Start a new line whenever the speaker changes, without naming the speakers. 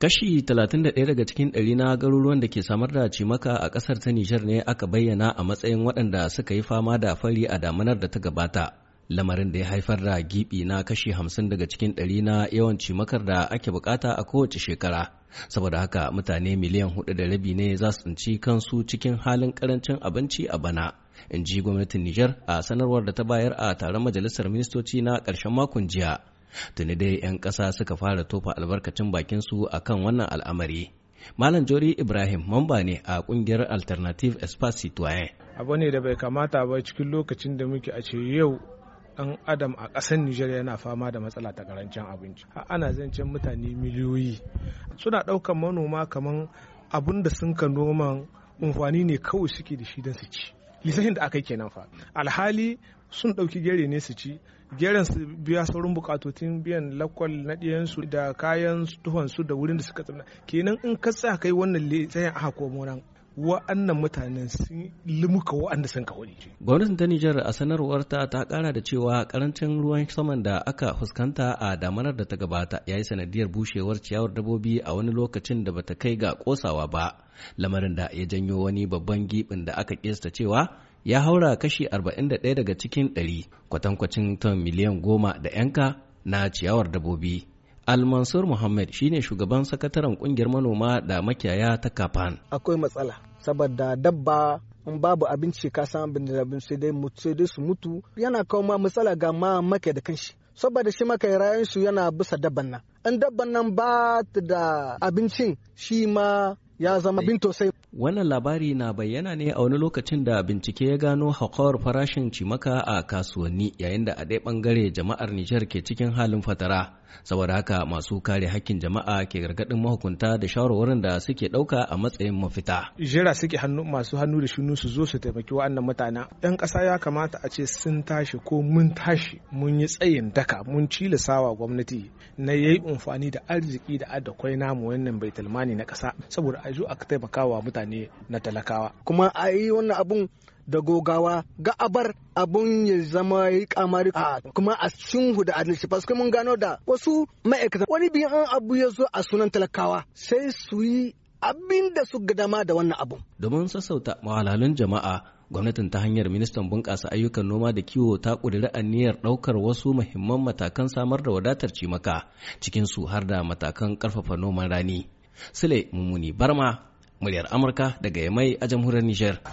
Kashi 31 daga cikin ɗari na garuruwan da ke samar da cimaka a ƙasar ta Nijar ne aka bayyana a matsayin waɗanda suka yi fama da fari a damanar da ta gabata. Lamarin da ya haifar da gibi na kashi 50 daga cikin ɗari na yawan cimakar da ake bukata a kowace shekara. Saboda haka mutane miliyan hudu da rabi ne za su tsinci kansu cikin halin karancin abinci a bana. In ji gwamnatin Nijar a sanarwar da ta bayar a taron majalisar ministoci na ƙarshen makon jiya. tuni dai 'yan ƙasa suka fara tofa albarkacin bakinsu a kan wannan al'amari malam jori ibrahim mamba ne a ƙungiyar alternative espace citoyen
abu ne da bai kamata ba cikin lokacin da muke a ce yau ɗan adam a ƙasar Nijar yana fama da matsala ta karancin abinci. Ana zancen mutane miliyoyi. Suna ɗaukan manoma kamar abin da sun ka noman amfani ne kawai suke da shi don su ci. lisahin da aka yi kenan fa alhali sun ɗauki gere ne su ci geren su biya saurin bukatotin biyan lakwal na ɗiyansu da kayan tuhonsu da wurin da suka tsamna kenan in ka sa kai wannan lisafin aka komo nan wa'annan mutanen sun limuka wa'anda sun kawo kawai.
Gwamnatin ta Nijar a sanarwarta ta kara da cewa karancin ruwan saman da aka fuskanta a damanar da ta gabata ya yi sanadiyar bushewar ciyawar dabobi a wani lokacin da bata kai ga kosawa ba, lamarin da ya janyo wani babban gibin da aka kesta cewa ya haura kashi arba'in da 41 daga cikin 100 kwatankwacin ton miliyan goma da yanka na ciyawar dabobi. Almansur Muhammad shine shugaban sakataren kungiyar manoma da makiyaya ta Kafan.
Akwai matsala saboda dabba in babu abinci ka san abin da abin sai dai mutu dai su mutu yana kawo ma matsala ga ma maka da kanshi saboda shi makai rayan su yana bisa dabban nan in dabban nan ba da abincin shi ma ya zama bin tosai.
Wannan labari na bayyana ne a wani lokacin da bincike ya gano haƙawar farashin cimaka a kasuwanni yayin da a ɗaya ɓangare jama'ar Nijar ke cikin halin fatara. saboda haka masu kare hakkin jama'a ke gargadin mahukunta da shawarwarin da suke dauka a matsayin mafita
jira suke hannu masu hannu da shunu su zo su taimaki wa'annan mutanen yan kasa ya kamata a ce sun tashi ko mun tashi mun yi tsayin daka mun cilasawa gwamnati na yayi amfani da arziki da adakwai namu wannan bai talmani na kasa saboda a zo a taimakawa mutane na talakawa kuma a
yi wannan abun da gogawa ga abar abun ya zama yi kamari a kuma a shinhu da adalci ba mun gano da wasu ma'aikata wani biyan an abu ya zo a sunan talakawa sai su yi abin da su ga dama da wannan abu.
Domin sassauta mahalalun jama'a gwamnatin ta hanyar ministan bunƙasa ayyukan noma da kiwo ta ƙudiri aniyar ɗaukar wasu muhimman matakan samar da wadatar cimaka cikin su har da matakan ƙarfafa noman rani. Sule Mummuni Barma, muryar Amurka daga Yamai a jamhuriyar Nijar.